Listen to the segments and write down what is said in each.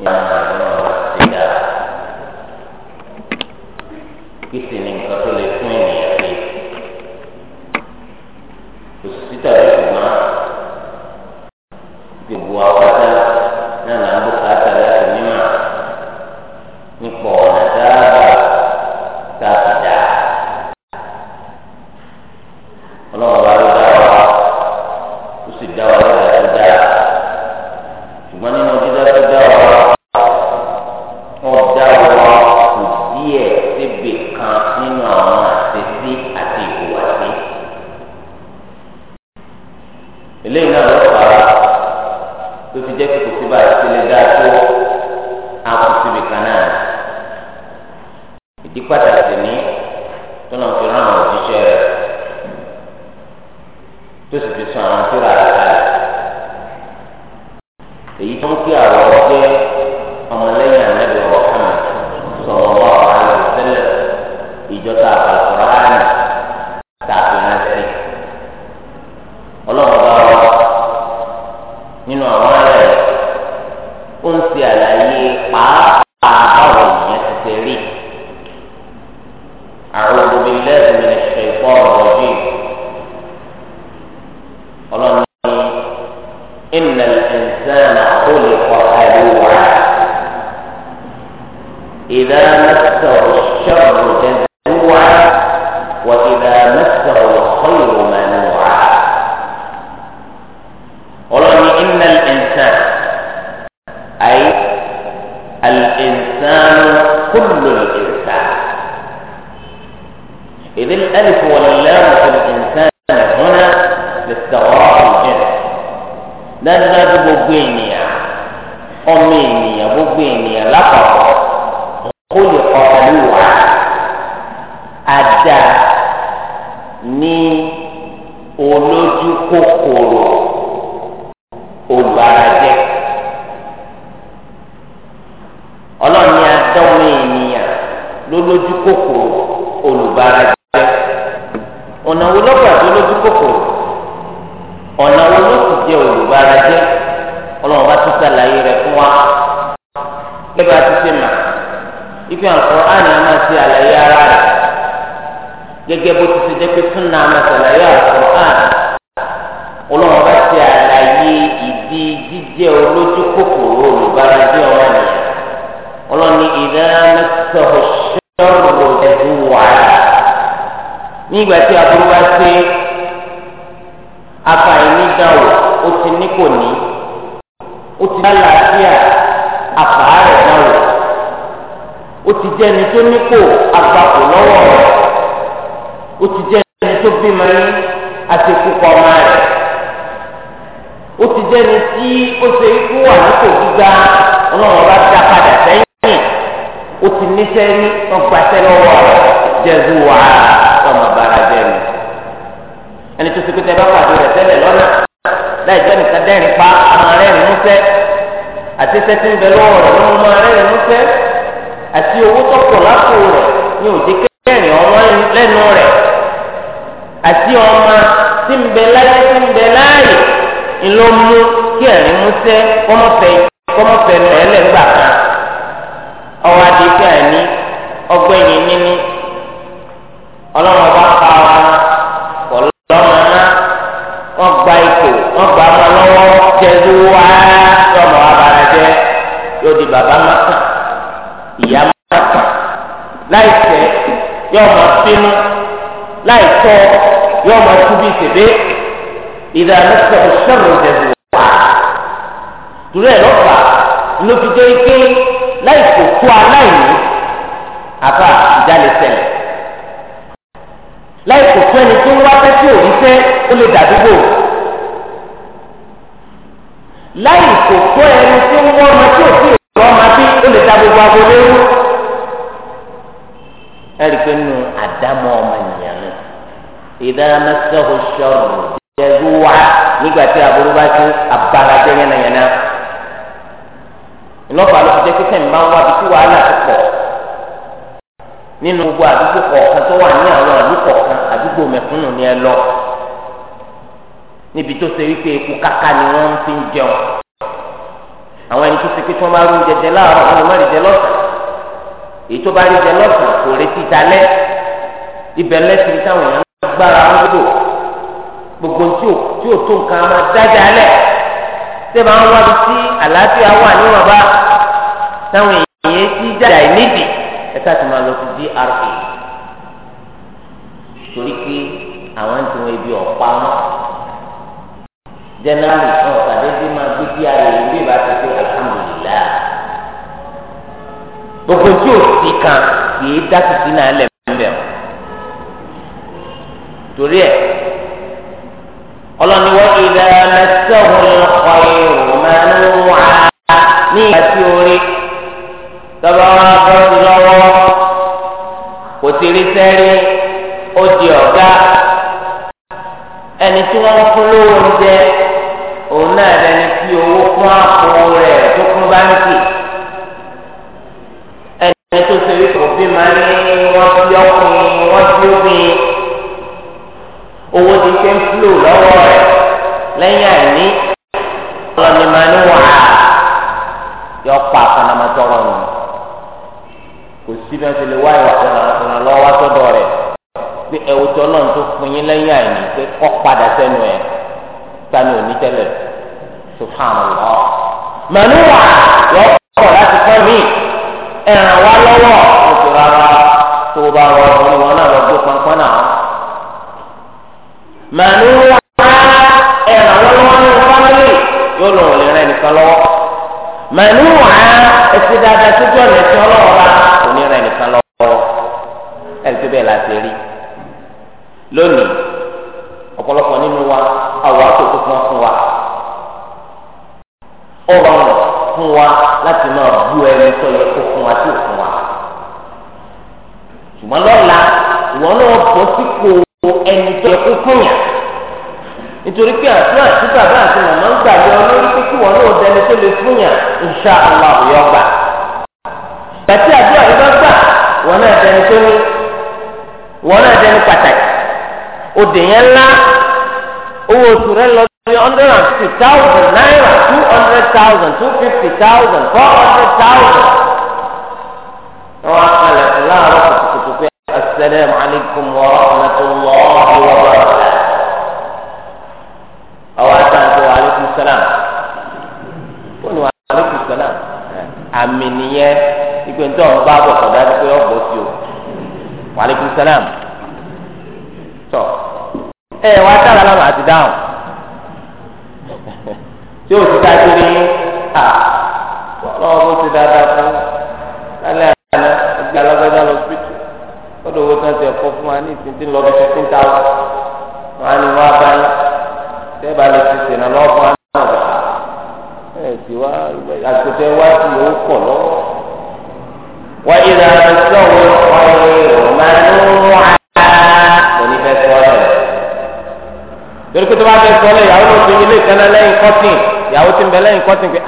yang ada bara jẹ́ ọ̀nà wo lọ́gbà tó lójú kòkòrò ọ̀nà wo ló sì jẹ́ olùbara jẹ́ ọlọ́run bá ti sàlàyé rẹ̀ fún wa lẹ́bàá ti ṣe mà ife àǹkọ́ àná máa ṣe àlàyé ara rẹ̀ gẹ́gẹ́ bó ti ṣe jẹ́ pé fún náà máa ṣàlàyé àǹkọ́ àná ọlọ́run bá ṣe àlàyé ìdí jíjẹ́ olójú kòkòrò olùbara jẹ́ ọmọ nìyẹn ọlọ́run ní ìdá mẹ́tọ́ nígbà tí aburú bá ṣe afàìní dáwò ó ti ní kò ní ó ti dá làásìá àfàárẹ̀ dáwò ó ti jẹ́ ẹni tó ní kò àgbàkò lọ́wọ́ rẹ̀ ó ti jẹ́ ẹni tó bímọ ní àtẹkùkọ ọmọ rẹ̀ ó ti jẹ́ ẹni tí ó ṣe ikú wà nípò gíga ọlọ́run bá dá padà sẹ́yìn ó ti níṣẹ́ ní ọgbàṣẹ́ lọ́wọ́ rẹ̀ jẹ́zu wàhálà ẹni tó ti pété bá pàdé rẹ̀ tẹ́lẹ̀ lọ́nà láì jẹ́ nìkan dẹ́rìn pa àwọn arẹ́rìn músẹ́ àti iṣẹ́ tí ń bẹ lọ́wọ́ rẹ̀ ló ń mú arẹ́rìn músẹ́ àti owó tọ̀pọ̀ lápò rẹ̀ ní òde kẹ́rìn ọ̀wọ́n lẹ́nu rẹ̀ àti ọmọ tí ń bẹ láyé tí ń bẹ láàyè ńlọ mú kí ẹ̀rín músẹ́ kọ́mọ́fẹ́ kọ́mọ́fẹ́ nù ẹlẹ́gbàá kan ọ̀wádìí láì tọ́ yọ ọmọ kú bí tèbé ìdá mẹsàn án sọ̀rọ̀ ìdẹ̀bù wá. Torí ẹ̀ lọ́fà ló fi jẹ́ ike láì kò kú aláìní àbá ìjálè ṣẹlẹ̀. Láì kò kú ẹni tó ń wá fẹ́ tí òun fẹ́ ó lè dàdúgbò. ìdá mẹsàgò sọrọ ìdẹ̀rù wá nígbà tí aburú bá ti abalajẹ yánnayànna ìlọ́pàá àlọ́pàá jẹ́ kíkẹ́ ìmọ̀ wá bí kí wàhálà ti pọ̀ nínú gbogbo àdúgbò kọ̀ọ̀kan tó wà ní àwọn àdúgbò kọ̀ọ̀kan àdúgbò mẹ̀kúnnù ni ẹ lọ níbi tó ṣe wípé eku káká ni wọ́n ń ń jẹun àwọn ẹni tó ṣe pé tí wọ́n bá rú jẹjẹ láàárọ̀ wọn lè má rí jẹ lọ́sàn-án èyí tó bá rí jẹ lọ́sàn-án kò retí dalẹ́ ibẹ̀ lẹ́sìn táwọn èèyàn agbára wọn gbọdọ gbogbo tí o tí o tó nǹkan máa dájà lẹ ṣé máa ń wá bí tí àlàáfíà wà níwọ̀n bá táwọn èèyàn ti dájà nídìí ẹ̀ka tó máa lọ sí dra torí pé àwọn ń tiwọn ibi ọ̀pá wọn jẹnẹrali náà sàdédé máa gbé bí ara èyí bí ti pé alhamdulillah gbogbo tí o sì kan kì í dá títí náà lẹ̀ mbẹ́ torí ẹ̀ ọlọ́ni wọ́n ti dá mẹ́sàn-án ọkọ̀ ìrù mẹ́rin wá ní ìgbà tí orí tọ́ba wa bọ́ sí lọ́wọ́ kò ti rí sẹ́rí ó di ọ̀gá ẹni tí wọ́n fún lówó ń jẹ òun náà lẹni tí owó kún àpò rẹ̀ tó kún báńkì ẹni tó ṣe wípé òbí máa ń ní wọ́n fi ọkùnrin wọ́n fi obìnrin owó ti ṣe ń fúlò lọ́wọ́ rẹ̀ lẹ́yìn àìní ọlọ́ni máa ní wà á yọ pa àfọnàmọ́tọ́rọ̀ nù kò sí bí wọ́n ti lè wá ìwà ìrànlọ́wọ́ wá sọ́dọ̀ rẹ̀ pé ẹ̀wù tó náà tó fún yín lẹ́yìn àìní pé kọ́ padà sẹ́nu ẹ̀ sani òní tẹ́lẹ̀ subhanallah mànúwà yọ pọ̀ láti kọ́ mi ẹ̀ràn wá lọ́wọ́ òtò rárá. màánú ẹ̀rọ lọ́wọ́ ní fámìlì yóò lọ òlè rẹ nìkan sójú ọ̀nà rẹ nìkan tó bẹ́ẹ̀ rí lónìí ọ̀pọ̀lọpọ̀ nínú wa àwọ̀ àtòkò fún wa fún wa ó rọrùn fún wa láti máa ẹni tó yẹ tó lè fún yàn insha allah yọ gbà bàtí àdúrà yìí bá gbà wọn náà dẹni tó ní wọn náà dẹni pàtàkì òdè yẹn ńlá owó oṣù rẹ lọ sí hundred and fifty thousand naira two hundred thousand two fifty thousand four hundred thousand. àti dáhùn tí o ti ká tó ní à lọ́wọ́ bó ti dáadáa fún lálẹ́ àná ẹgbẹ́ alágbádá lọ sí ọdún owó tí wọ́n ti ẹ̀kọ́ fún wa ní ìsìn tí ń lọ bí fifteen thousand think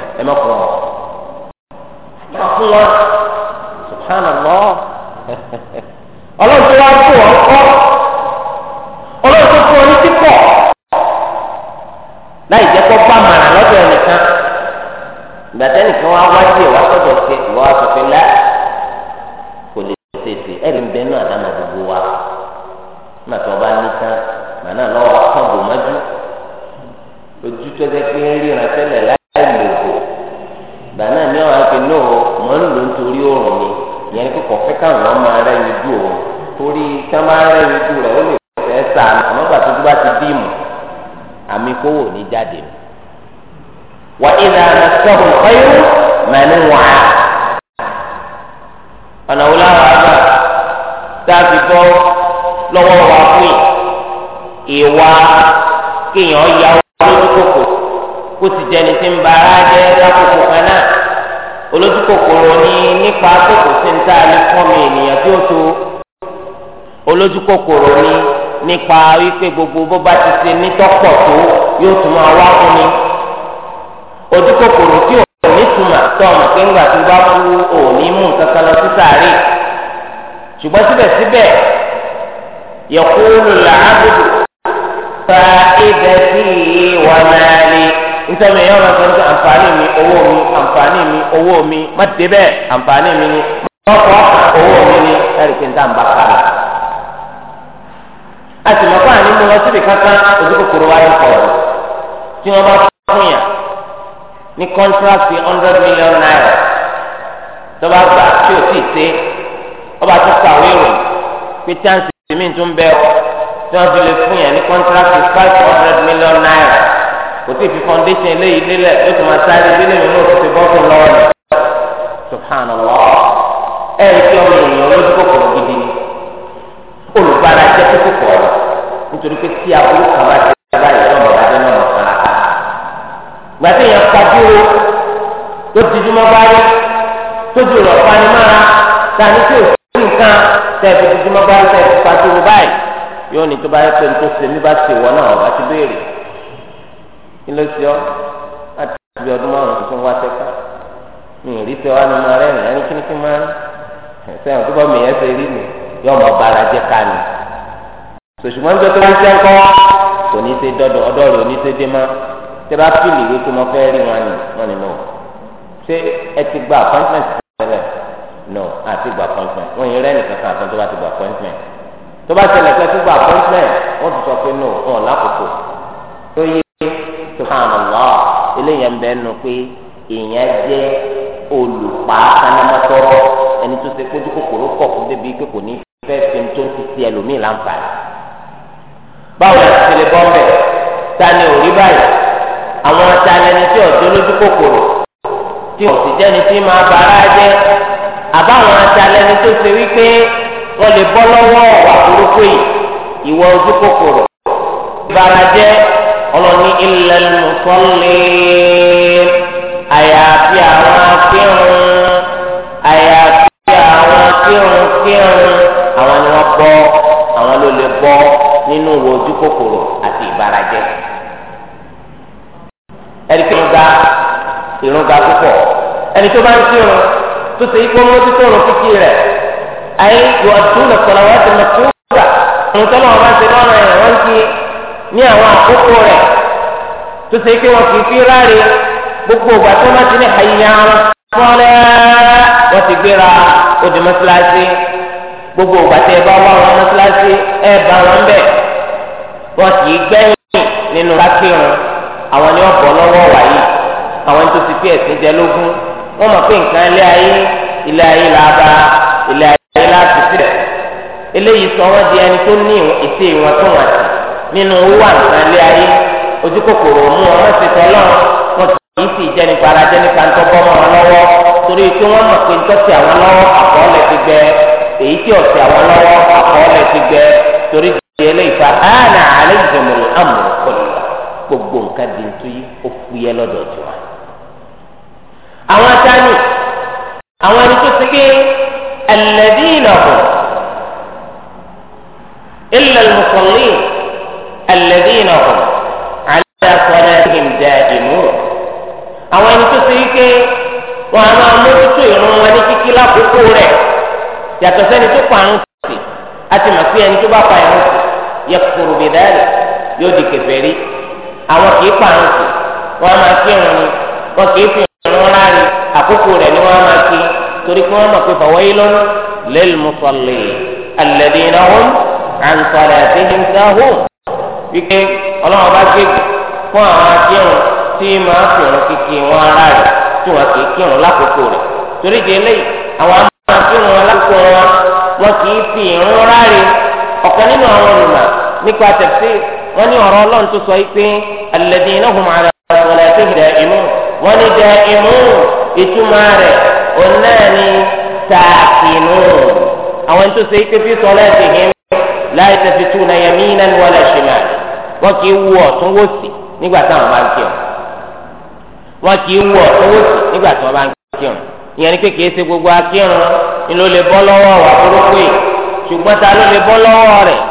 lọ́wọ́ wa fún yìí ìwà kéèyàn ya olójúkòkò kó sì jẹni tí ń ba ara jẹ lákòókò kan náà olójúkòkòrò ní nípa kòkò sí ń mi ènìyàn tí ó tó olójúkòkòrò nípa wípé gbogbo bó ti ṣe nítọ́pọ̀ tó yóò tún máa wá fún mi tí ní túmọ̀ tó ọmọ pé ńgbà tó bá kú mú يقول العبد فائدتي ومالي انت ما يوم انت انفاني مي اوو مي انفاني مي اوو مي ما تبه انفاني مي ما اوو مي ني اري كنت ام بقال ati mọ fún ànímọ lọ síbi kankan ojúkòkòrò wáyé kọrọ tí wọn bá fún yàn ní kọntrasti hundred million naira tó bá gbà tí o sì ṣe ọba tó kàwé rò pé chance tèmi tún bẹ ọ tí wọn fi lè fún yẹn ní kọńtíráàtì five hundred million naira kò tí ì fi foundation eléyìí lélẹ̀ ó ti máa sáré délé mi náà ti bọ́ fún lọ́wọ́ subhanallah ẹ ẹ kí ọmọ ènìyàn lójú kòkòrò gidi ni olùgbàlà jẹ kókò kọ̀ọ̀rọ̀ nítorí pé tí aburú kan bá ti bá yẹn lọ́mọ adé náà mọ̀ sára ká gbàtí yẹn kájúro tó ti dúmọ́ báyìí tó ti rọ̀ fani mára tani tó kan tẹ́ẹ̀fì tuntun máa bá tẹ́ẹ̀fì pàṣẹwò báyìí yóò ní tó bá yẹ pé tó ṣe mí bá ṣe wọ náà ọba ti béèrè kí ló ṣe ọ láti ibi ọdún márùn tuntun wá sẹ́ka mi ì rí sẹ́wọ́n ní máa rẹ́rìn ẹni kí ni kí máa rìn sẹ́wọ̀n tó bá mi yẹn ṣe rí mi yóò máa bára jẹ́ ká ni sòṣùgbọ́n tó tó bá ń ṣe ń kọ́ kò ní ṣe dọ́dọ̀ ọdọ́ rẹ̀ ò ní ṣe dé má tẹ́ bá fìlì wí mo fẹ́ rí wọn ni wọn ni mo ṣe ẹ ti gba appointment no àti gba appointment wọn yẹn rẹ nìkan kan àtọ́ tó bá ti gba appointment tó bá ṣẹlẹ̀ pé tó gba appointment wọ́n ti sọ pé no wọn lákòókò tó yẹ tó kàn án lọ eléyìí ń bẹ nu pé èèyàn jẹ́ olùpa kánámọ́tọ́rọ́ ẹni tó ṣe kójú kòkòrò kọ̀ fún débi pé kò ní fẹ́ fi tó ń ti ti ẹlòmíì láǹfààní. báwo la ti lè bọ́ mẹ́ ta ni ò rí báyìí àwọn ta ni ẹni tí ọ̀dọ́ lójú kòkòrò tí ò sì jẹ́ni tí máa bàrá jẹ́ àbáwọn atalẹni tó ṣe wípé wọn lè bọ́ lọ́wọ́ wà burúkú yìí ìwọ ojú kòkòrò ìbarajẹ ọlọni ilẹ nùsọlẹ àyàfi àwọn akírun àyàfi àwọn akírun kírun àwọn ni wọn bọ́ àwọn ló lè bọ́ nínú ìwọ ojú kòkòrò àti ìbarajẹ ẹni tó ń ga ìrún ga púpọ̀ ẹni tó bá ń kírun tó ṣe ikú ọmọ títọ́ ọ̀rọ̀ kíkì rẹ̀ ayé yóò tún lọ sọ̀rọ̀ wá ti lọ tún gbà àwọn tó lọ́wọ́ bá ṣe lọ́rọ̀ ẹ̀ wọ́n ti ní àwọn àkókò rẹ̀ tó ṣe ikú wọn kì í fi ráre gbogbo ìgbà tó má ti ní àyíyá fọ́lẹ́ wọ́n ti gbéra odi mọ́síláṣí gbogbo ìgbà tẹ́ bá wá wọn mọ́síláṣí ẹ bá wọn bẹ̀ wọ́n kì í gbẹ́yìn nínú rákìrún àwọn ni wọ́n bọ̀ lọ́wọ́ wáyé àwọn tó ti fi ẹ̀sìn jẹ lógún wọ́n mọ̀ pé nǹkan ilé ayé ilé ayé la bá ilé ayé la ti sílẹ̀ eléyìí sọ wọ́n di ẹni tó ní ètè ìwọ̀n tó wọ̀n tì nínú owó àǹkan ilé ayé ojú kòkòrò mú wọn ṣe tọ́lọ́ wọn kì í sì jẹ́ nípa ara jẹ́ nípa ńtọ́ bọ́ wọn lọ́wọ́ torí pé wọ́n mọ̀ pé ńtọ́ sí àwọn lọ́wọ́ àkọọ́lẹ̀ ti gbẹ èyí tí ọ̀sẹ̀ àwọn lọ́wọ́ àkọọ́lẹ̀ ti gbẹ torí gbé eléyìí fa hánà àlẹ́ ìjọmọ̀lẹ́ àmọ̀ kọ́lá gbogbo nǹkan di ntúyí ó fúyẹ́ lọ́dọ̀ tó àwọn atani àwọn ẹni tó ti gé ẹlẹ́dí ìlàkùn ilẹ̀ lùsọ̀lì ẹlẹ́dí ìlàkùn alẹ́ àkọ́dá ìgbìndà ìmú àwọn ẹni tó ti gé wọn a máa mójútó ìrún wọn ní kíkí lákòókò rẹ̀ yàtọ̀ sẹ́ni tó pa àrùn tì àti màsí ẹni tó bá pa àrùn tì yẹ kúrò bìdáàlì yóò di kẹfẹ́ rí àwọn kì í pa àrùn wọn a máa ni wọn kì í fi ìrora rẹ̀ àkókò rẹ̀ ni wọ́n máa kí torí kí wọ́n mọ̀ pé fawailun lil musallin alladhina hum an salatihim sahun wípé ọlọ́run bá gbé fún àwọn akírun tí máa fi ọ̀rọ̀ kékeré wọn ara rẹ̀ tí wọ́n kì í kírun lákòókò rẹ̀ torí di eléyìí àwọn akírun alákòókò wọn wọn kì í fi ìrún rárẹ̀ ọ̀kan nínú àwọn olùmọ̀ nípa tafsir wọn ní ọ̀rọ̀ ọlọ́run wọ́n ní jẹ ìmú ìtumọ̀ rẹ̀ òun náà ní sàkínú. àwọn tó ṣe ike fi sọlá ẹsẹ̀ yẹn láì tẹ̀sí tún náà yẹmí iná ni wọ́n lè ṣe máa wọ́n kì í wú ọ̀tún wò sí nígbà táwọn bá ń kí ọ̀ kì í wú ọ̀tún wò sí nígbà táwọn bá ń kí ìyẹn ni kékeré ṣe gbogbo akírun ni ló lè bọ́ lọ́wọ́ wà burúkú yìí ṣùgbọ́n ta ló lè bọ́ lọ́wọ́ rẹ̀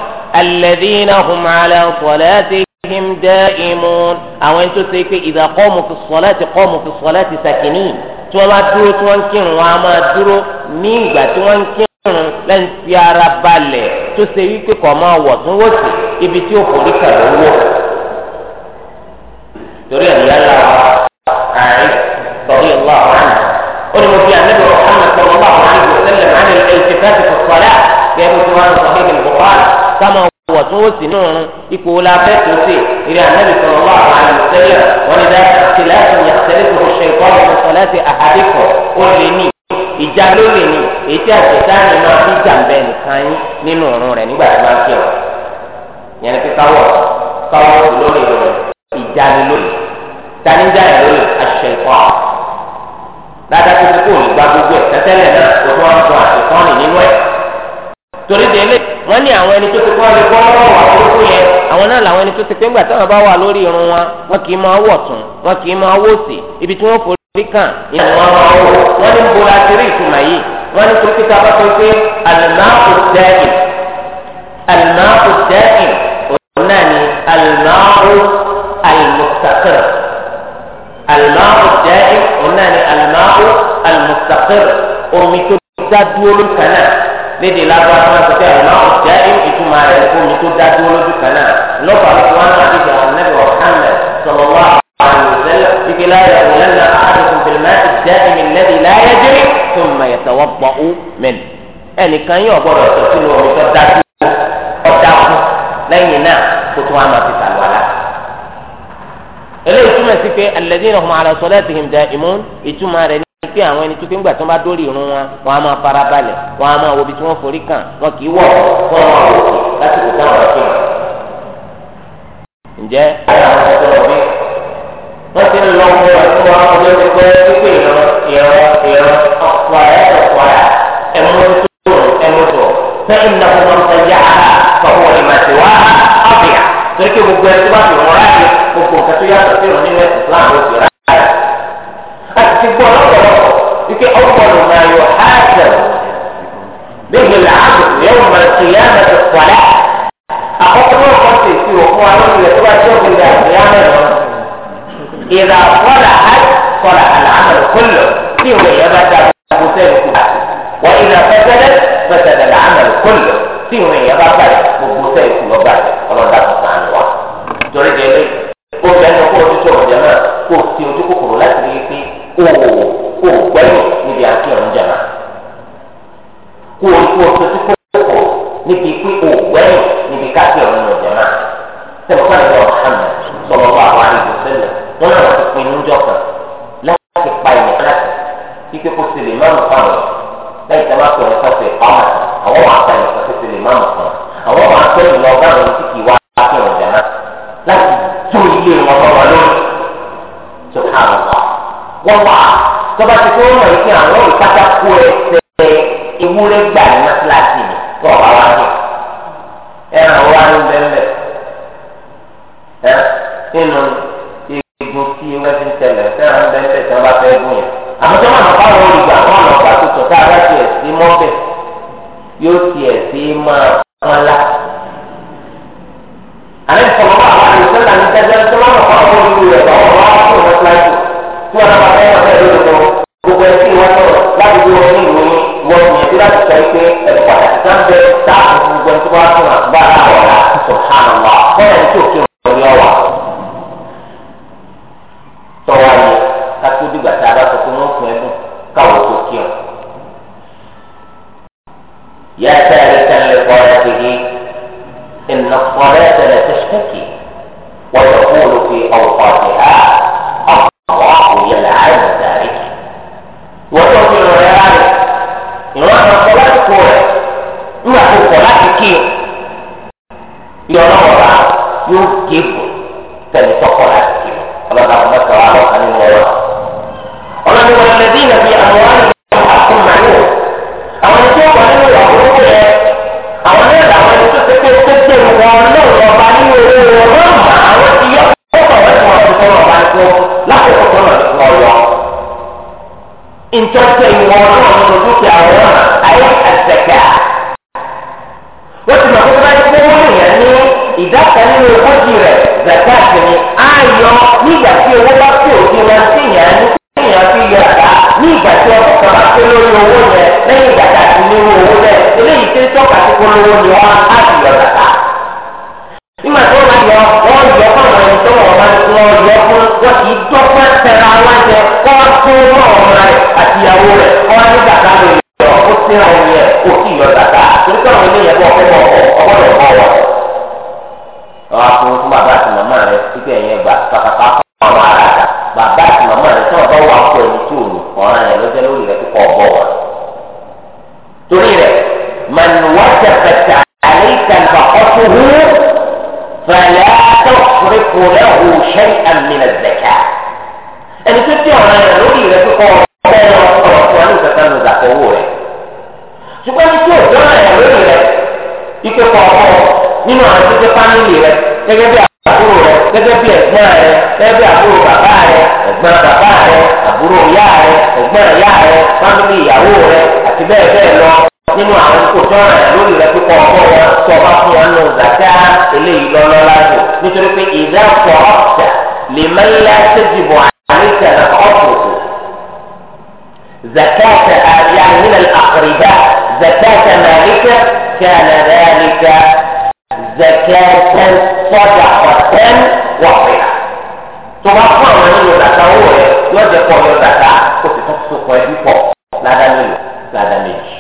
alladhina hum ala salatihim ربهم دائمون أو أنت سيك إذا قاموا في الصلاة قاموا في الصلاة ساكنين توما درو توان كين وما درو نيغا توان كين لن سيارة بالي تسيك كما وطن وطن إبتيو خليك الوو تريد يلا عائش رضي الله عنه أرمو في النبي محمد صلى الله عليه وسلم عن الالتفات في الصلاة في أبو سبحانه صحيح البخاري كما wọ̀ tún ó sì nù ọ̀run ipò la fẹ́ tó sè eré ànábì sọ̀rọ̀ wà àlù tẹ́lẹ̀ wọ́n ní dáa tẹ̀lé àtúnyẹ àtẹ̀lé tó ṣe kọ́ ọ̀rọ̀ sọ láti àhàdìkọ̀ ó lè ní ìjà ló lè ní èyí tí àtẹ̀tà ni máa fi jàǹbẹ́ nìkan yín nínú ọ̀run rẹ̀ nígbà tí wọ́n fi ọ̀ yẹn ni pé káwọ̀ káwọ̀ lórí rẹ̀ ìjà ni lórí taníjà ẹ̀ lórí aṣọ ìkọ́ dáadáa tó ti kó olùgbà gbogbo ẹ̀ tẹ́tẹ́lẹ̀ náà tó tó wọn sọ àtẹ̀kọ́ wọ́n ní àwọn ẹni tó ti kọ́ ẹni kọ́ wọ́n wà lóko yẹn àwọn náà làwọn ẹni tó ti pé ńgbà táwọn bá wà lórí irun wọn wọn kì í máa wọ̀ tún wọn kì í máa wò sí ibi tí wọ́n forí kàn ìyẹn wọn máa wò wọ́n ní bóra tìrí ìtumọ̀ yìí wọ́n ní kókí tá a bá sọ pé alimáàkù dẹ́ẹ̀kì alimáàkù dẹ́ẹ̀kì òun náà ni alimáàkù alimusakir alimáàkù dẹ́ẹ̀kì òun náà ni alimáàkù alimusakir omi tó dá dúró lókàn náà léde lágbá tó máa tẹ̀sẹ̀ àná ọ̀já ìtumọ̀ rẹ̀ kó mi tó dá dúró lójú kan náà lọ́pọ̀ àti wọn náà dìgbà ànábì ọ̀hánmẹ̀ sọ̀rọ̀ wá àwọn ìṣẹ̀lẹ̀ ike láyà ìwòlẹ́ náà àdùkù bìrìmẹ́ ìjẹ́ ìmì lẹ́bi láyà jẹ́rì tó mọ̀ ẹ̀tẹ̀wọ́ pọ̀ ó mẹ́n. ẹnìkan yóò gbọ́dọ̀ sọ sínú omi tó dá dúró ọ̀dà kú lẹ́yìn náà kó tó wá máa ti sàlùwà lá. eléyìí túmọ̀ sí pé alẹ́dínlẹ̀ pé àwọn ẹni tó pé ńgbà tó bá dórí irun wọn wọn á máa fara balẹ̀ wọn á máa wo ibi tí wọ́n forí kàn wọn kì í wọ̀ fún wọn láti kò dáhùn sí wọn. ǹjẹ́ àwọn ọ̀sẹ̀ tó bí wọ́n ti ń lọ wọ ẹ̀kọ́ àwọn ọmọdé ti pẹ́ pípé ìran ìran ìran ọ̀pọ̀ ẹ̀ ọ̀pọ̀ ẹ̀ ẹ̀mú tó tó sẹ́yìn tó bá ti wọ́n ráyè gbogbo nǹkan tó yàtọ̀ sí ìrònú ẹ̀ في أول ما يحاسب به العبد يوم القيامة الصلاة أقول قلت في وقوع يوم يتوى شوف إلى القيامة إذا صلحت صلح العمل كله في ويبدأ مسلم وإذا فسدت فسد العمل كله في ويبدأ مسلم وبعد الله سبحانه وتعالى جريد إليه ó bẹ́ẹ̀ ní kó o ti sọ̀rọ̀ jẹ́ náà kó o ti pẹ́lú níbi àti ọ̀run jàmá kú o kú o tó ti níbi pé o gbẹ́yìn níbi káàkiri ọ̀run lọ jàmá sẹ́wọ́n ká lọ́wọ́ hàmì sọ̀rọ̀ bá wà ní ìbùsẹ̀lẹ̀ wọn náà ti pin ní ìjọ láti pa ìmọ̀ láti kíkẹ́ kó sílè má mú fáwọn lẹ́yìn tí wọ́n á pẹ̀lú sọ́sẹ̀ ọmọ àwọn wà á pẹ̀lú sọ́sẹ̀ sílè má mú fáwọn àwọn wà á pẹ̀lú tọ́ba ti tó mọ̀ ike àwọn ìpátákó ẹsẹ̀ ewúrẹ́ gbà ní mọ́tíláṣí ni kọ́ ọ̀bá wa jẹ. ẹran wa ń bẹ́ẹ̀ ẹ nínú egun tí ewúrẹ́ fi ń tẹ̀lẹ̀ ẹran bẹ́ẹ̀ tẹ̀ tí wọ́n bá fẹ́ gùn yẹn. àmọ́ tí wọ́n máa bá wọn olùgbà wọn lọ bá tuntun tá a bá tiẹ̀ sí mọ́bẹ̀ yóò tiẹ̀ sí máa wọn lá. àlẹ́ ìfọ̀mọ́ àwọn àlùfẹ́ làní tẹ́tẹ́ tí wọ́n máa bá wọn olùgbà wọn lọ́wọ́ fún mọ́tíláṣí tí wọ́n bá fẹ́ lódodo gbogbo ẹtí wọn sọ̀rọ̀ láti fi wọn ní ìwé wọn gbìyànjú láti sọ pé ẹ̀fọ́ àtijọ́ táàbù gbogbo ẹtí wọn sọ̀rọ̀ àgbà àwọn àtúntò hàn wá bẹ́ẹ̀ ní tòkí òní ọ̀wà. tọ́wọ́ ayé kátó dìgbà tá a bá sọ pé wọ́n fún ẹdùn káwọ́ tó kí ọ. yàtọ̀ ẹ̀rí kan lè kọ́ ẹ̀ كذلك كان ذلك زكاة صدقة واحدة tọba fún àwọn nílò dàtà owó rẹ yóò jẹ pọ yọ dàtà kó sì tó so pọ ẹbí pọ ládà nílò ládà méjì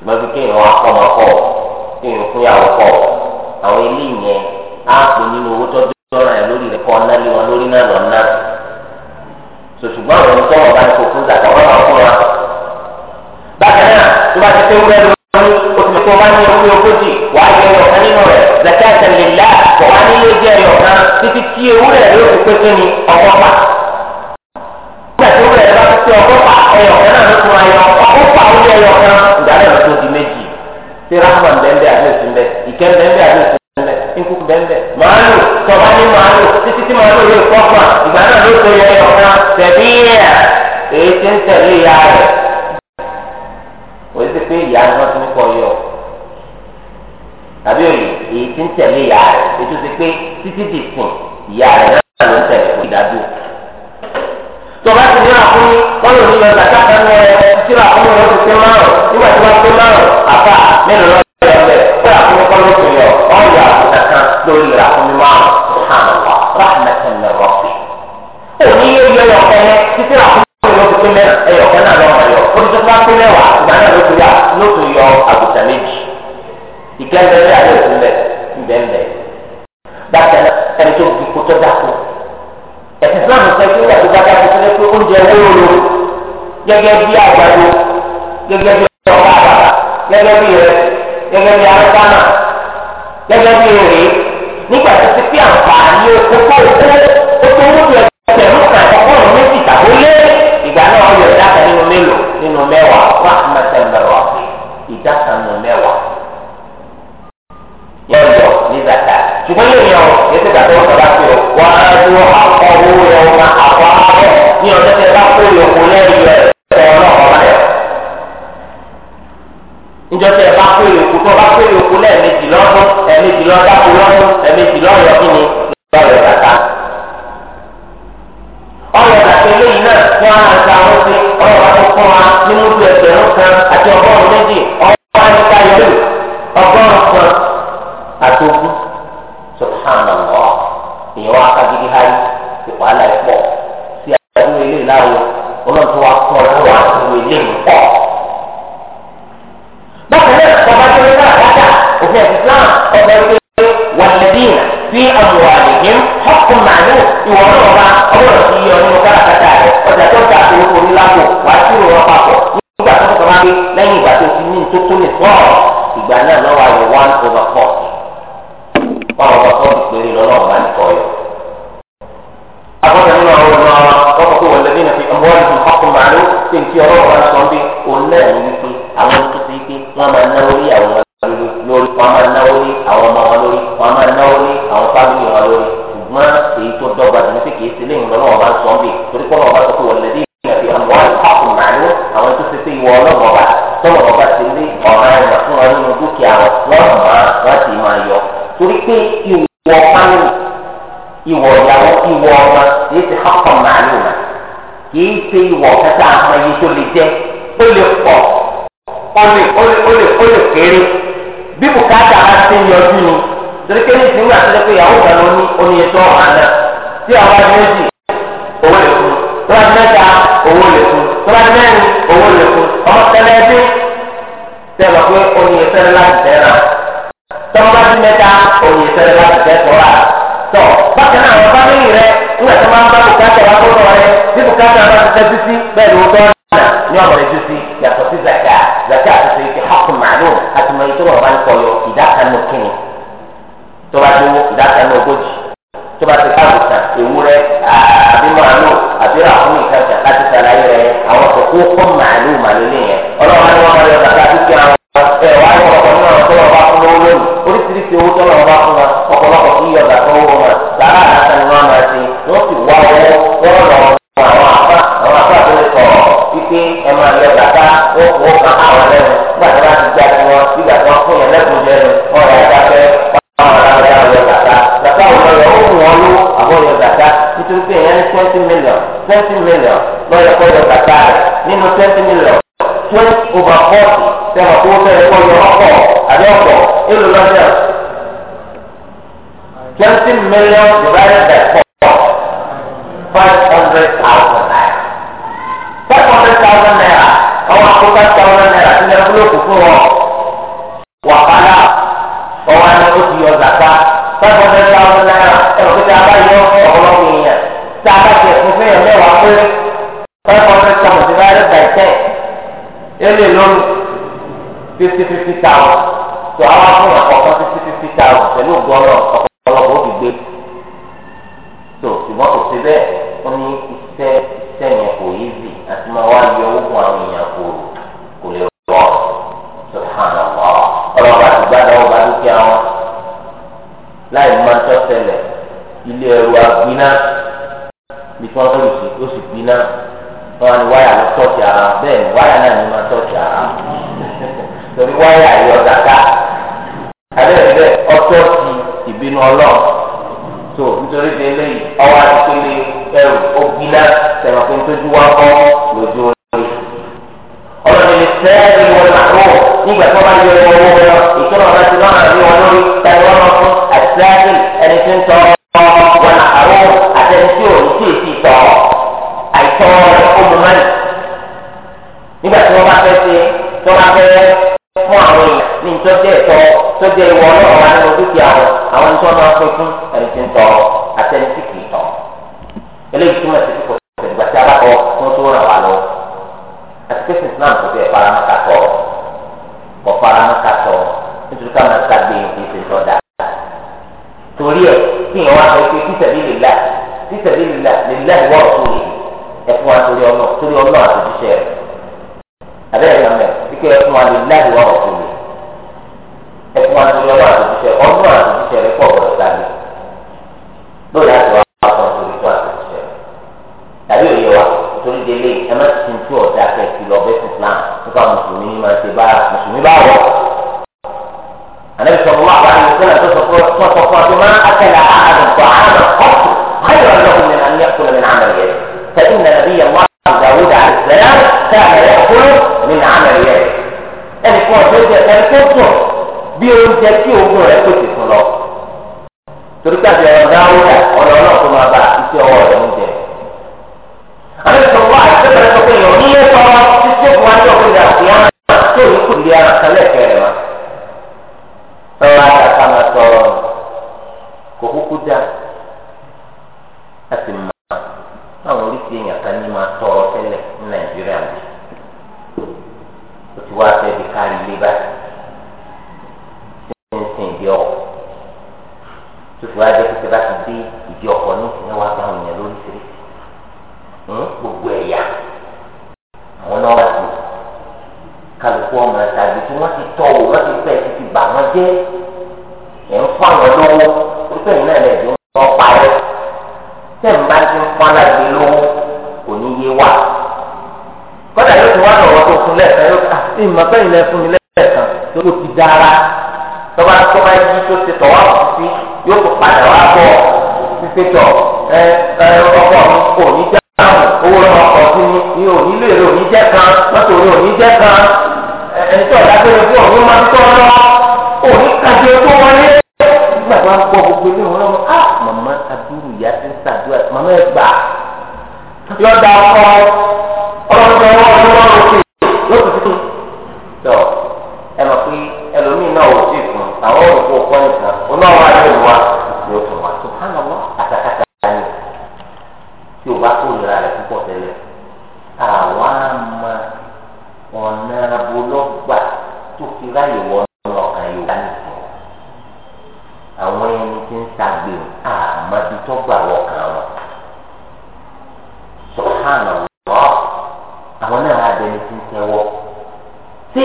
ṣùgbọ́n bí kéèyàn wá kọ́ ọmọ kọ́ kéèyàn fún yàwó kọ́ àwọn ilé ìyẹn á pè nínú owó tó dọ́ra ẹ̀ lórí rẹ̀ kọ́ ọ̀nà lé wọn lórí náà lọ́nà ṣùgbọ́n àwọn ẹni tọ́wọ́ bá ń kó fún dàtà wọn bá fún wa bákan náà tó bá ti tẹ́wọ́ lẹ́nu lórí oṣù tó bá ní orí ogójì wà á yẹ ọ̀kan nínú rẹ̀ zaka àtẹlẹ́lá kò wá ní ilé jẹ́ ọ̀kan títí tí ewúrẹ́ rẹ̀ yóò fi pé kí ni ọgọ́fà. nígbà tí ewúrẹ́ rẹ̀ bá ti pé ọgọ́fà ẹyọ kan náà ló tún ayọ ọgọ́fà ó yẹ ẹyọ kan ìdáná ló tún di méjì. ṣé rahman bẹ́ẹ̀ pé ìyá ni wọ́n ti ń kọ yọ tàbí òye èyí ti ń tẹ̀lé ìyá rẹ̀ ètò ti pé títí di sìn ìyá rẹ̀ náà ló ń tẹ̀lé kó ìdájú. tọ́ba ti ní àkúnú wọ́n lò ní lọ ìgbà káfíń ní ẹ tí wọ́n àkúnú wọn ti pé márùn nígbà tí wọ́n pé márùn àbá mélòó lọ́wọ́ ẹ̀ bẹ̀ pé àkúnú kọ́ ló tún yọ ọ́n yọ àkúnú kan lórí àkúnú márùn sùhánàlá ráhùnmẹ́sàn lọ́wọ́ pé. òní yóò yọ ló tún yọ àgùntàn méjì ìkẹ́ńdẹ́rẹ́ àlẹ́ ìpínlẹ̀ ńbẹ́ńbẹ́ bákan náà ẹni tó fi kótó dáko ẹ̀sìn Islam sọ pé ìgbà tó bá dáko tó lé pé oúnjẹ wóró gẹ́gẹ́ bí àgbàdo gẹ́gẹ́ bí ọ̀gá àbà gẹ́gẹ́ bí rẹ̀ gẹ́gẹ́ bí arẹ́gbánà gẹ́gẹ́ bí rèé nígbà tó ti fi àǹfààní oko kó oko ó tó wúlò ẹgbẹ̀rún kan àkọ́kọ́ méjì tàbó lé ìgbà náà ọ̀yọ̀ ìdáka nínú mélòó nínú mẹ́wàá wà á máa tẹ̀ mẹ́wàá. wọ́n lè yàn ọ́ yẹn ti dàgbọ́ sọ̀rọ̀ àti ọ̀ wá ju akọ̀ owó rẹ̀ ọ̀nà àbọ̀ abẹ́ ní ọjọ́ tẹ bá kó yòókù lẹ́yìn rẹ̀ ẹ̀ ọlọ́ọ̀ọ́ rẹ̀. ìjọ tẹ bá kó yòókù tó bá kó yòókù lẹ́ẹ̀mejì lọ́dún ẹ̀mejì lọ́dún ẹ̀mejì wọ́n wọ́n kà àwọn lẹ́nu nígbà tí wọ́n ti já sí wọn nígbà tí wọ́n fún yẹn lẹ́kùn lẹ́nu wọ́n rà ẹ̀dá fẹ́ fáwọn ará ọ̀yọ́ bàtà bàtà wọn lọ yọ ó wọn lú àwọn ọ̀yọ́ bàtà nítorí pé ìyẹn ní twenty million twenty million lọ́yọ̀ kọ́ yọ bàtà rẹ̀ nínú twenty million twenty over forty tẹ̀wọ̀n tó fẹ́rẹ̀ kọ́ yọ ọkọ̀ àbí ọkọ̀ èlò lọ́sẹ̀ twenty million divided by four five hundred thousand five hundred thousand kókà tí àwọn náírà ti lẹ́nu lóko fún wọn. wàhálà ọwọ́ ẹni ó ti yọ zàká fẹ́ẹ́ fẹ́ tí àwọn náírà ẹ̀rọ pé tí a bá yọ ọ̀pọ̀lọpọ̀ èèyàn tí a bá tiẹ̀ fún fẹ́yàn mẹ́wàá pé fẹ́ẹ́ fẹ́ tí àwọn ti bá rẹ̀ bàì tẹ̀ ẹlẹ́ lónìí fifty fifty thousand tó àwọn fún ọ̀kọ̀ọ̀kan fifty fifty thousand pẹ̀lú ògbọ́n náà ọ̀pọ̀lọpọ̀ igi náà wọn ni wáyà ló tọ́ọ̀tì ara bẹ́ẹ̀ ni wáyà náà ni máa tọ́ọ̀tì ara torí wáyà yọ dàda àbẹ́rẹ́ bẹ́ẹ̀ ọtọ́ọ̀tì ìbínú ọlọ́ọ̀ tó nítorí pé eléyìí ọwọ́ àdìpẹ́lẹ́ ẹrù ogi náà tẹ̀wọ̀n pé nítorí wá bọ́ lójú orí ọlọ́ọ̀ni lè tẹ́ ẹ̀rí wọn làwọn nígbà tó bá yọ ẹ̀rọ owó wọn ìṣòro ọ̀nà ti náà rí wọn lórí ẹ̀rọ ọ̀nà fún àti ẹni tí ń tọ́ wọn àrùn àtẹnusí òní sí ìtọ́ tọwọ́ rẹ̀ kó mu mọ́ni nígbà tí wọ́n bá fẹ́ ṣe tó bá fẹ́ fún àwọn èèyàn ní ìtọ́jú ẹ̀tọ́ tó jẹ́ ìwọ náà nínú dúkìá wọn àwọn ìtọ́ náà pín fún ẹ̀rìsìn tọ̀ àtẹnitì eléyìí túmọ̀ sí fún wa torí ọlọ torí ọlọ àtúnṣe rẹ abẹ́rẹ́ kan mẹ́ kíkẹ́ fún wa lè láì wá ọ̀fọ̀ tọ́gbà wọ̀kàn wọn sọ̀hánà wọ́ àwọn náà adẹni tí ń tẹ́wọ́ tí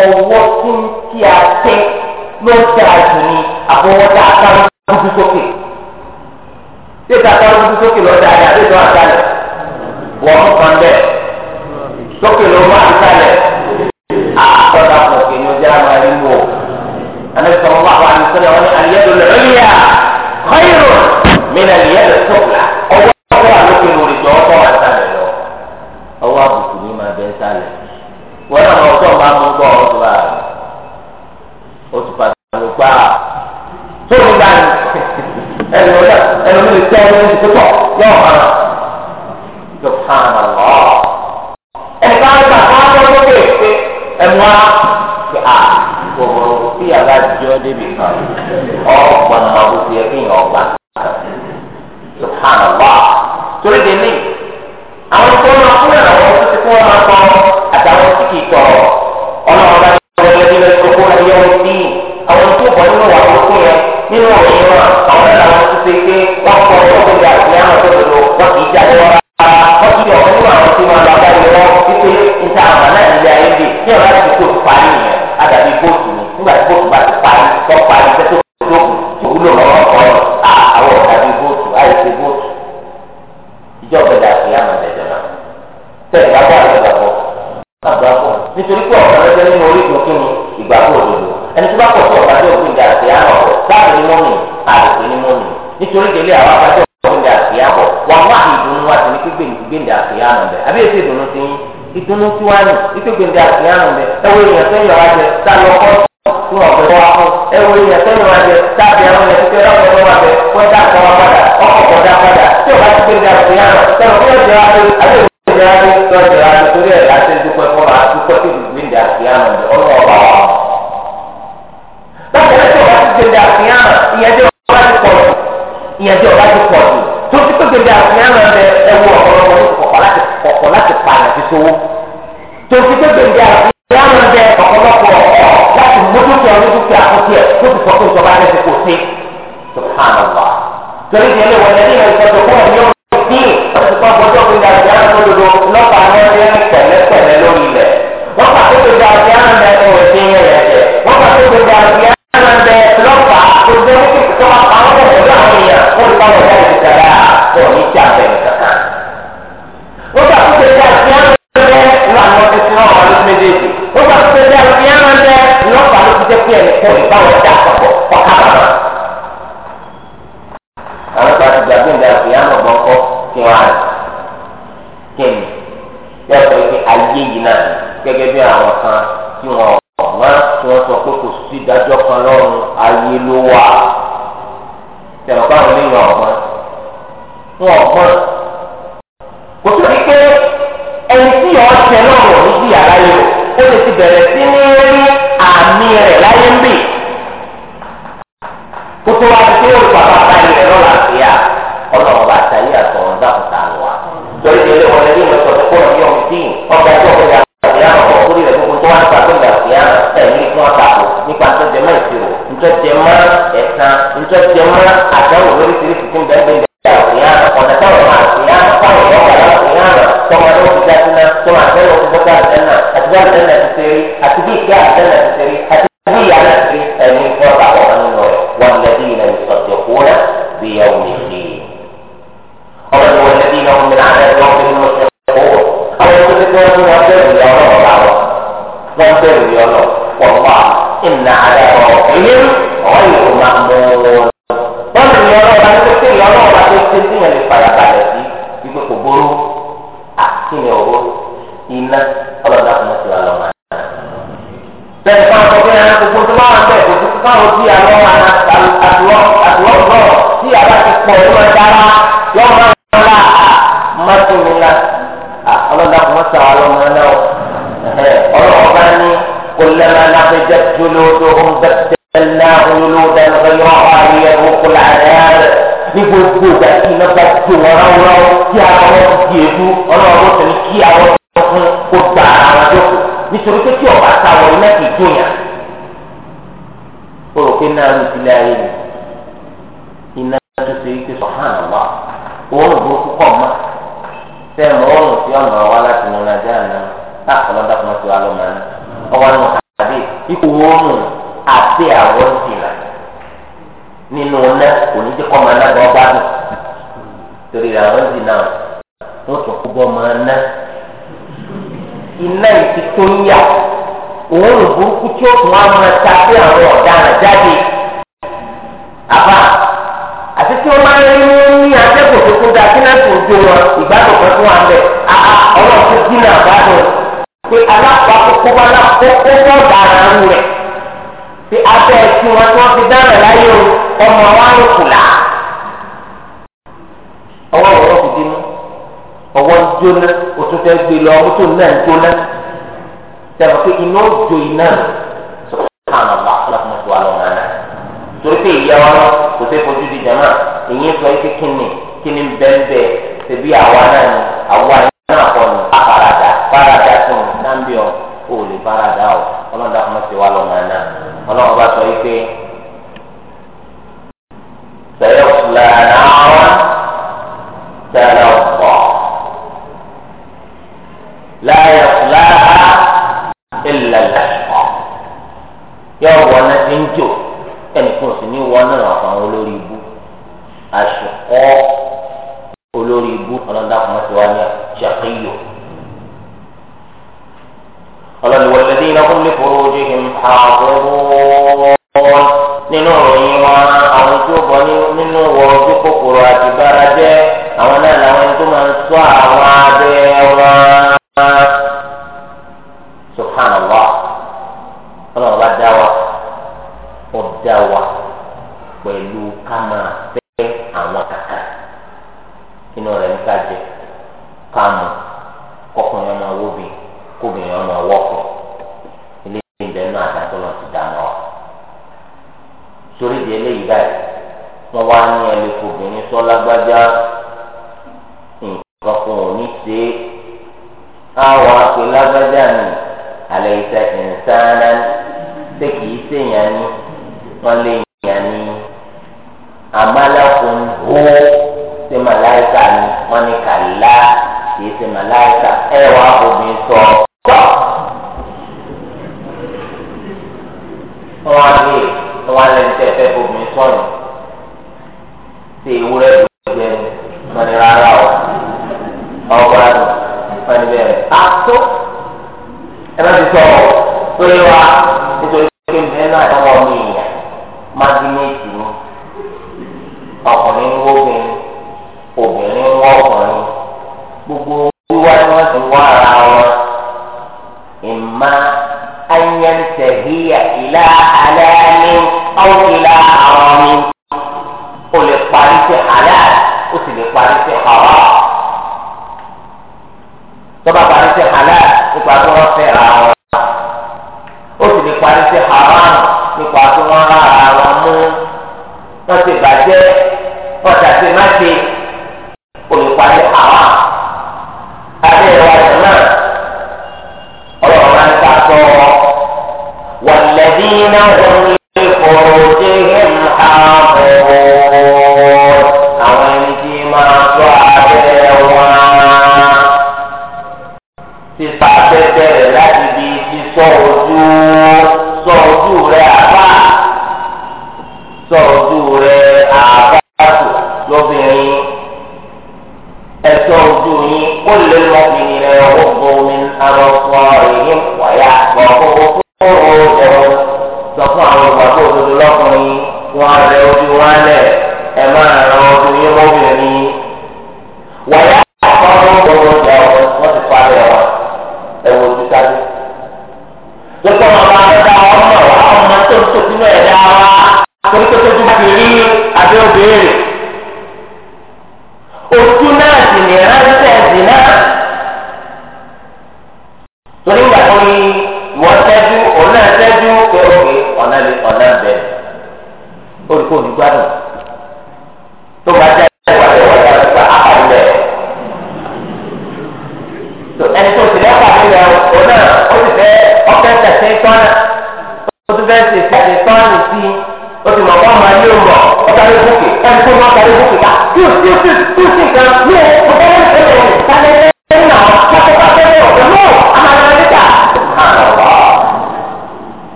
ọwọ́ tí ń tí a tẹ́ ló tẹ àjù ni àbọ̀wọ́ tá a kárọ́ lójú sókè tí ètò àkárọ́ lójú sókè lọ́dà yà lójú àgbàlẹ̀ wọ́n mú kan bẹ́ẹ̀ sókè ló máa. tòsí tó gbèǹde àti ìyáwó jẹ ọ̀pọ̀lọpọ̀ ọ̀ láti mójútó ọdún tó ti àkókò ẹ̀ tó ti sọ pé ìjọba rẹ̀ ti kò sí. subhanallah torí ìdílé wọn ẹni ìyẹn tó kọ́ ẹ̀ yóò الله أن يذوقوا العذاب ní gbogbo ìgbà tí iná bá tó wọn ráúráú tí àwọn ọmọ ti di èdú ọlọ́run tó ní kí àwọn ọmọ fún kó gba àwọn àjọkù nítorí pé tí ọba táwọn iná kì í dùn yàn. olùkọ́ iná ló ti lé ayé mi iná tó ṣe é pé sọ̀hán wà òórùn burúkú kọ̀ mọ́ sẹ́yìn òórùn tí ọ̀nà wa láti mú una dáa náà láàpọ̀ lọ́dọ̀ kan tí wàá lọ́ máa ń nínú ọ̀nà kò ní jẹ́ kọ́ máa ná bọ́ bá dùn torí àwọn ti náà wọ́n tún kó bọ́ máa ná iná ìfi tó ń yà òun ló burúkú tí ó tún á máa ta sí àwọn ọ̀daràn jáde àbá àti tí wọ́n máa ń rí ní akẹ́kọ̀ọ́ tó kún dá kí náà tó jó wọn ìgbádùn kan tó wà ń bẹ̀ ọlọ́run tó dín náà pé alápá kókó bá náà kó bọ́ ọ̀daràn rẹ̀ tí abẹ́ ẹ̀sìn wọn tí wọ́n fi dáná láyé o ọmọ wa ló kù là. ọwọ́ ìwọ́n fi dínú ọwọ́ ń jóná o tún fẹ́ gbé lọ o tún náà ń jóná. sẹ́wọ̀n pé iná jó iná sọ̀rọ̀ àwọn ọ̀gá tó wà lọ́wọ́ náà. torí pé ìyá wa lọ kò sí fojú di jama èyí sọ ẹ́ pé kíni kíni bẹ́ẹ̀ tẹ̀bí àwa náà ni àwa náà kọ́ ni àfaradà faradà fún un náà ń bí ọ ò lè faradà ọ ọlọ́dà kan ti wà lọ́wọ́ náà ọlọ́run bá sọ wípé sẹ́yọ̀ fúlànà ọ̀rọ̀ sẹ́yọ̀ ọ̀pọ̀ láyọ̀ fúlànà ìlàlẹ̀ ọ̀pọ̀ yọ̀ wọ́n náà ti ń jò ẹnìkan sì ní wọ́n náà àwọn olórí ibú àṣùkọ́ olórí ibú ọlọ́dà kan ti wá ní ṣàkíyò ọlọ́ni wọ̀lẹ́dí iná fún mi fòrò ojú kì í ha ọ̀gbọ́n nínú ìròyìn wa àwọn tí ó bọ̀ nínú wọ ojú kòkòrò àti bára jẹ́ àwọn náà làwọn tó máa ń sọ àwọn abẹ́ wa. subhanallah ọlọ́run bá dá wa ó dá wa pẹ̀lú ká máa fẹ́ àwọn kàkà inú rẹ̀ ń ká Hola.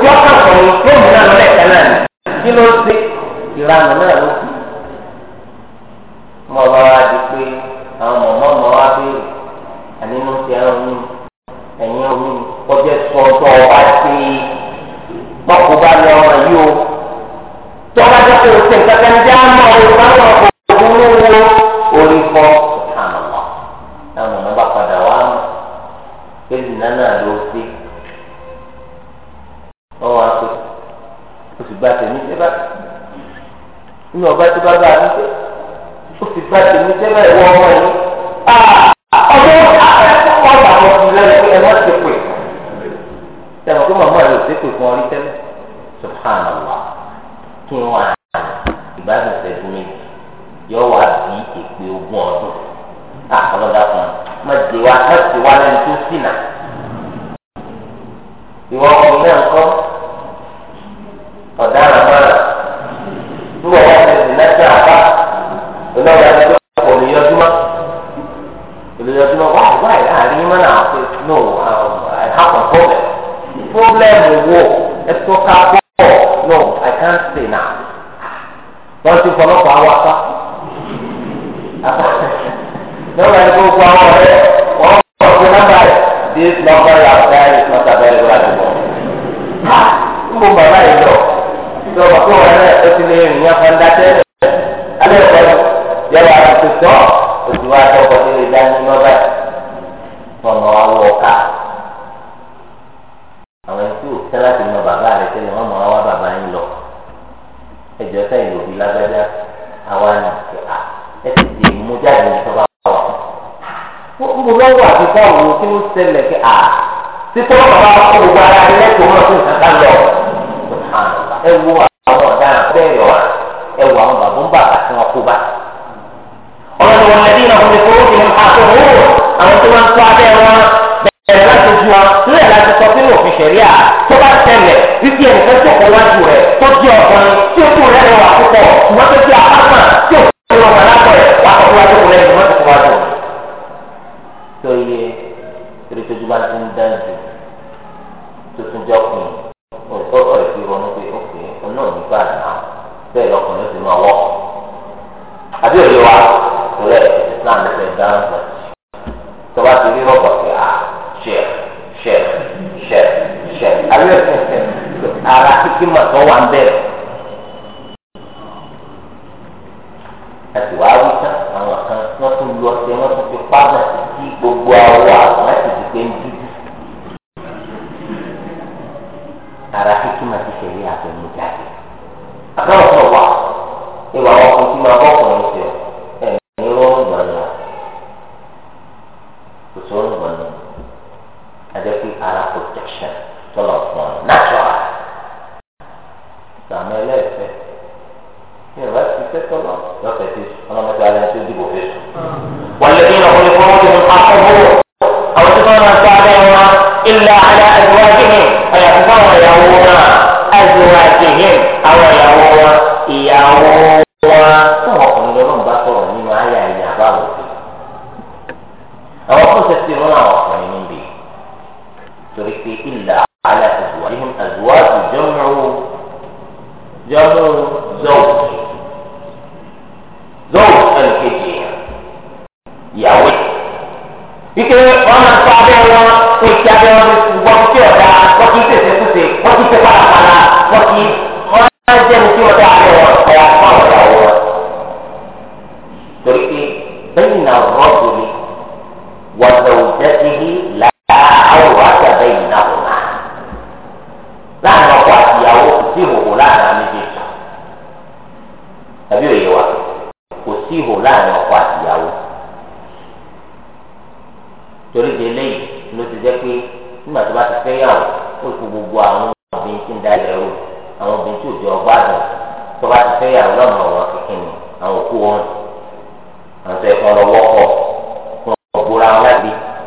tí ó kà sọ̀rọ̀ yóò mú náà lọ́lẹ̀ náà kí ló dé ìranù náà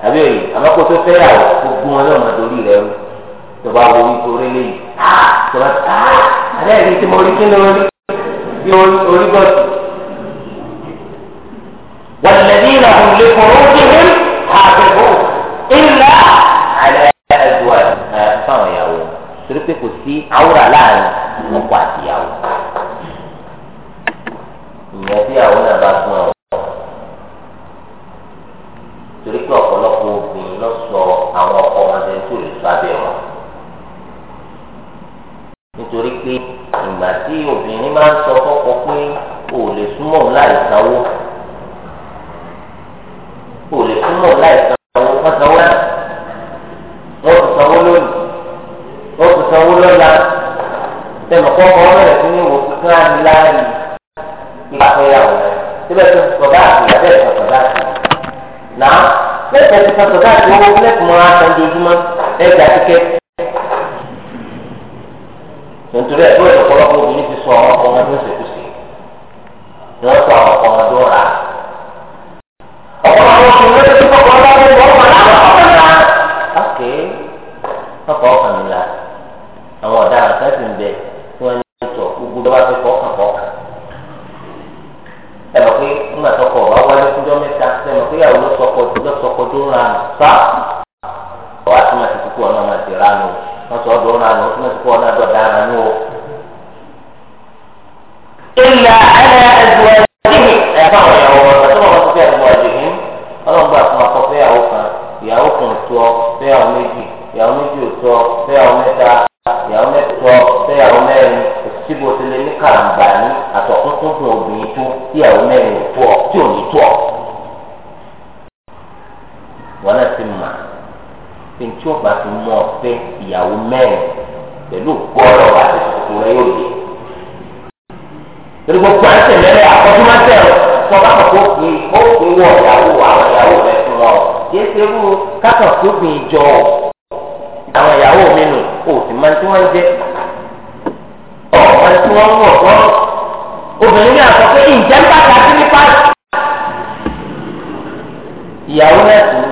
àbí òye àmọ́kò tó fẹ́ yàwó gbogbo wọn náà máa dorí rẹ̀ rú tó bá wo orí torí léyìí tó bá tó ah, àlẹ́ yìí tí mo rí kí ni mo rí bí orí bọ́ọ̀tù. والذين هم لفروجهم حافظون إلا على أزواجهم. فهو يا ولد. تركت كسي عورة لا أنا مقاتل. tí wọ́n ń wọ̀ obìnrin náà sọ pé ǹjẹ́ ń bàtà sí nípa ìyàwó náà sùn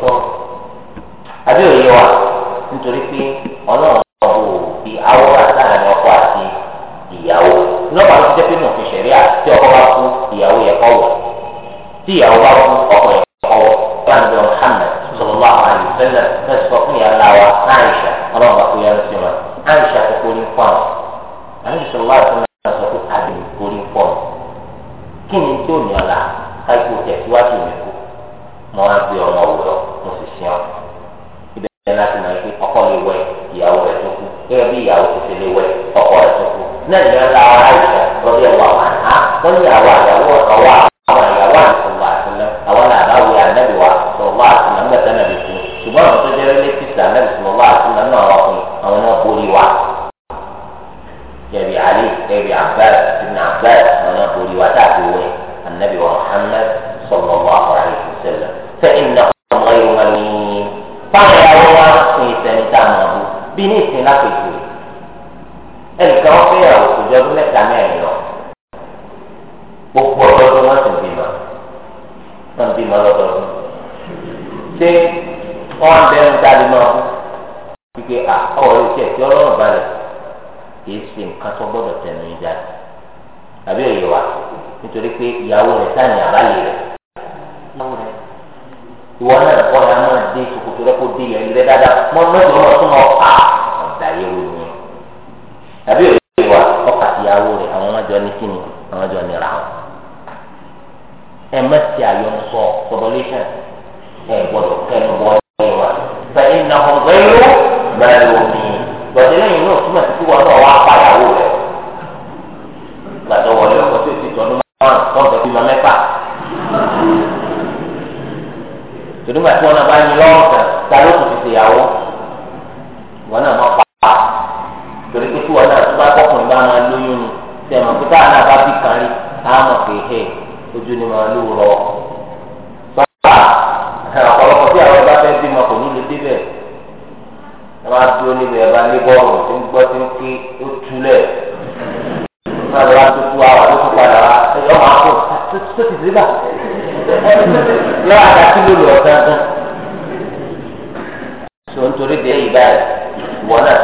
gbọ́ àbí òye wa nítorí pé ọlọ́run kò fi awọ́ láàrin ọkọ àti ìyàwó lọ́pàá ló ti jẹ́ pé nù fi ṣẹ̀rí àti ọkọ bá kú ìyàwó yẹ kọ́ wọ̀ tí ìyàwó bá pé ó túlẹ̀ náà lọ́wọ́ tuntun àwọn àdókò padà wá ẹ̀yọ́ máa kó tó ti dé bá lọ́wọ́ àdá kí ló lọ dáadáa. sọ nítorí bẹ́ẹ̀ yìí báyìí wọ́n náà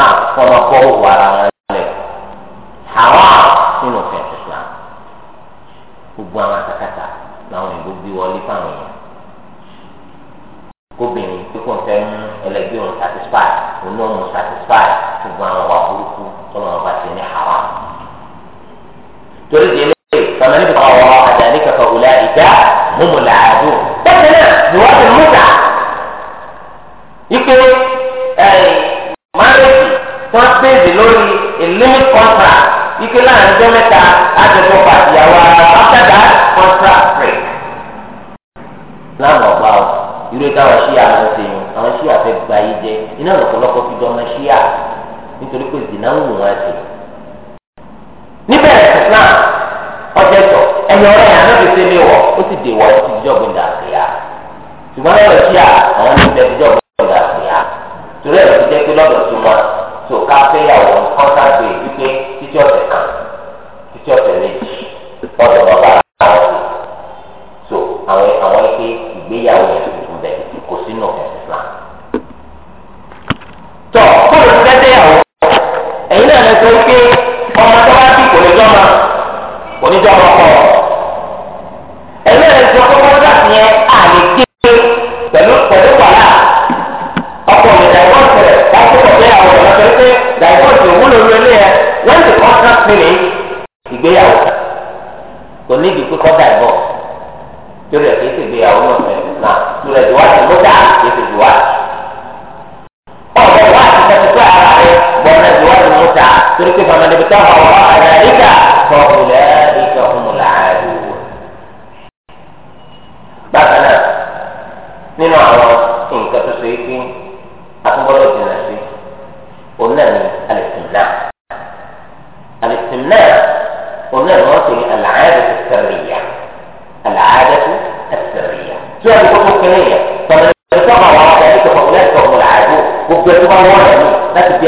islam kọ́mọkọ́ wà ara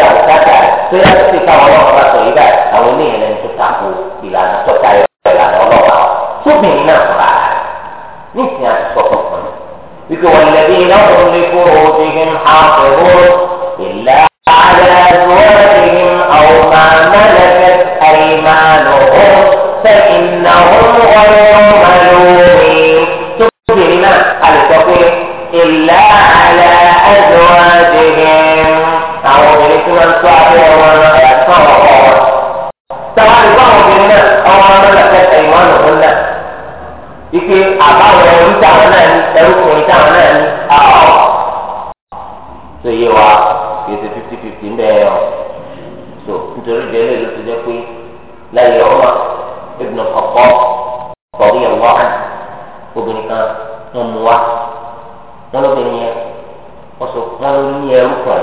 biya bùkátà tó yàtọ̀ sí káwọn ọlọ́run bá sọ yìí báyìí àwọn eléyìí lẹ́nu tó tako ìlànà tó tayọ ìlànà ọlọ́ba tóbìnrin náà fúnra rẹ̀ ní ìsìn àti sọ́kọ̀ fún mi. wípé wọn lẹbi iná òun lè kó o ti fi ń ha ìlà àlẹ́ ẹ̀rọ ti fi àwọn màmá lẹ́fẹ̀ẹ́ àyè máa lọ sẹ́yìn náà wọ́n wọ́n ń tó abẹ́ wọn ẹ̀yà tó àwọn ọkọ wọn. Táwọn àlùfáà wọn bí náà ọmọ ọmọ náà kẹta ìwọ̀n nù fún náà. Ike àbáwọn ẹrú táwọn náà ní ẹrú kùnrin táwọn náà ní àwọ̀. Tó yé wa kìí ṣe fifty fifty ń bẹ́ẹ̀ yọ. So nítorí ìdílé ló ti jẹ́ pé láyé ọmọ ibn ọ̀pọ̀ sọ̀rí ẹ̀wọ́ hàn obìnrin kan wọ́n mú wa wọ́n lóbìnrin yẹn wọ́n sọ wọ́n ní ẹrú kan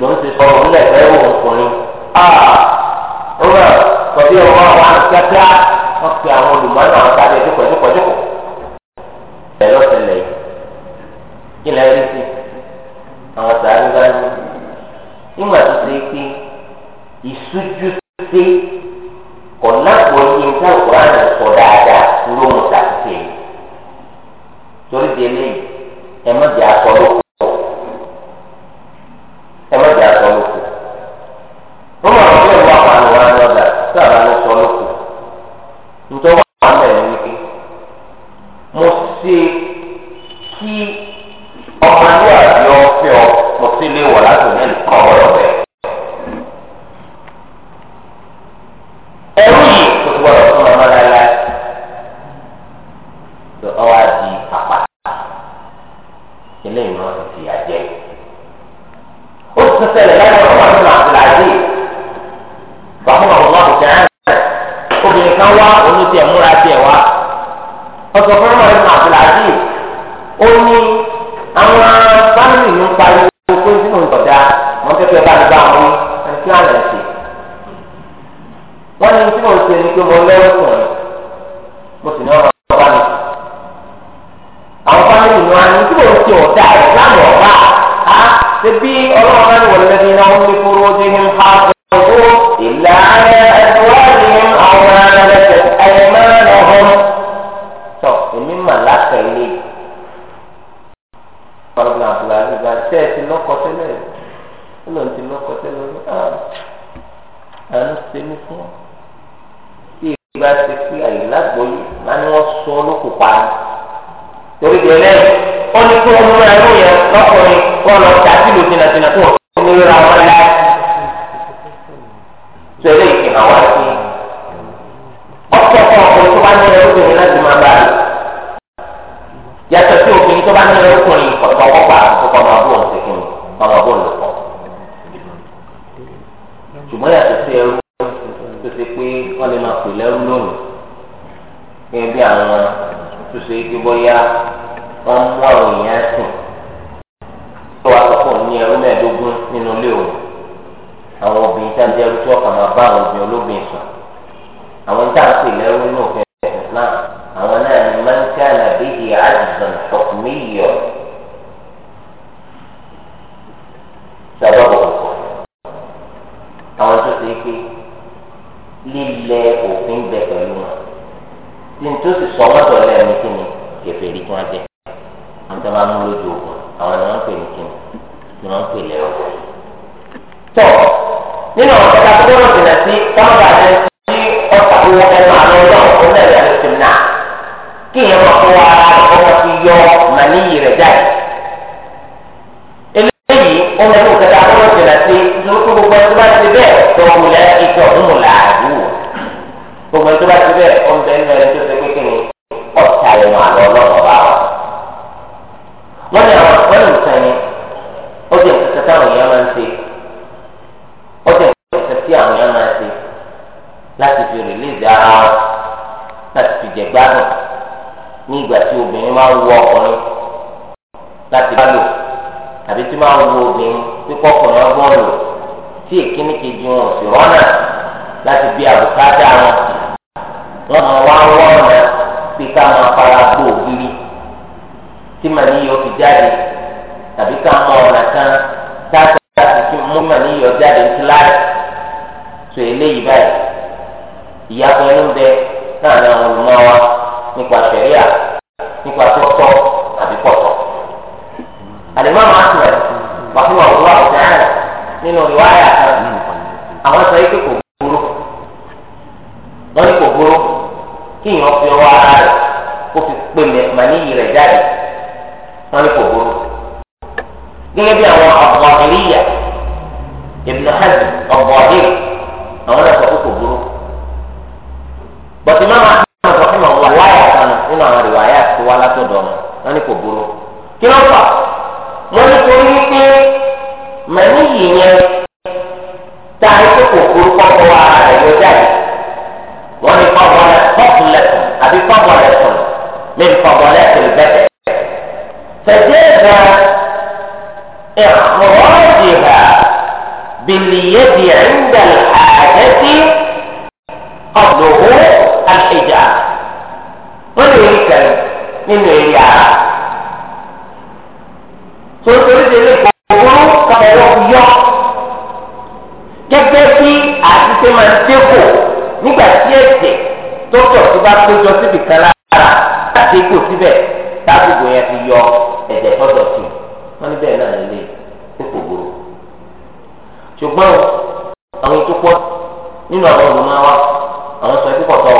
ló ń ti sọ̀rọ̀ ńlẹ̀ fẹ́ wọ̀ ọkùnrin. rúbẹ̀ tọ́jú ọmọ àwọn akẹ́kẹ́ wọ́n pe àwọn olùmọ̀ọ́nà àwọn tàbí ẹ̀dí pẹ̀lúpẹ̀lú. bẹ́ẹ̀ lọ́sẹ̀lẹ̀ yìí kí lẹ́ rí àwọn tàbí bá ní. nígbà tó ṣe pé ìṣújú sí kò lápò yín tó kúránì sọ dáadáa ló tàbí ṣe. torí délé ẹ̀ mọ̀ jẹ́ akọ́lọ́ ọmọ ẹ̀rọ kẹ بالذي عند الحاجة قبله الحجاب wọ́n lè rí kẹrin nínú èyí ara tó torí délé kòkòrò kọ̀ọ̀rọ̀ yọ gẹ́gẹ́ bí àtúnṣe máa ń dẹ́kọ̀ nígbà tí ẹ̀jẹ̀ tó tọ̀ tó bá péjọ síbi kan lára. nínú àwọn olùmọ̀ wa àwọn sọ ikú pọ̀tọ́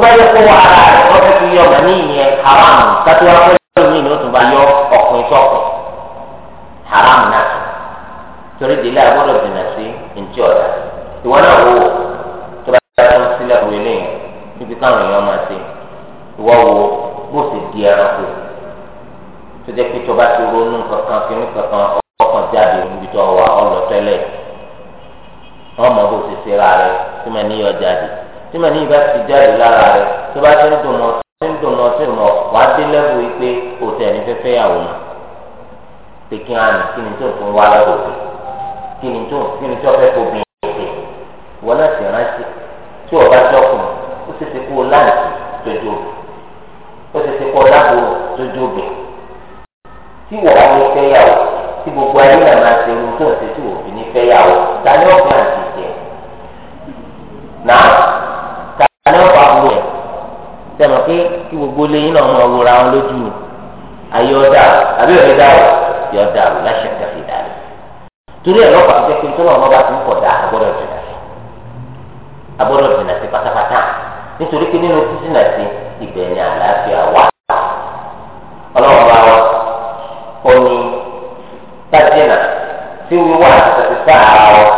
supaya penguasa torí ẹ̀rọ pàtó jẹ́ pé tọ́lọ̀ ọmọ bá ti ń pọ̀ dá agbọ́dọ̀ jìnà sí agbọ́dọ̀ jìnà sí pátápátá nítorí pé nínú jìnà sí ibẹ̀ ni àlàáfíà wà. ọlọ́run bá wa ó ní tájìnà tí wíwá àti sáà wa.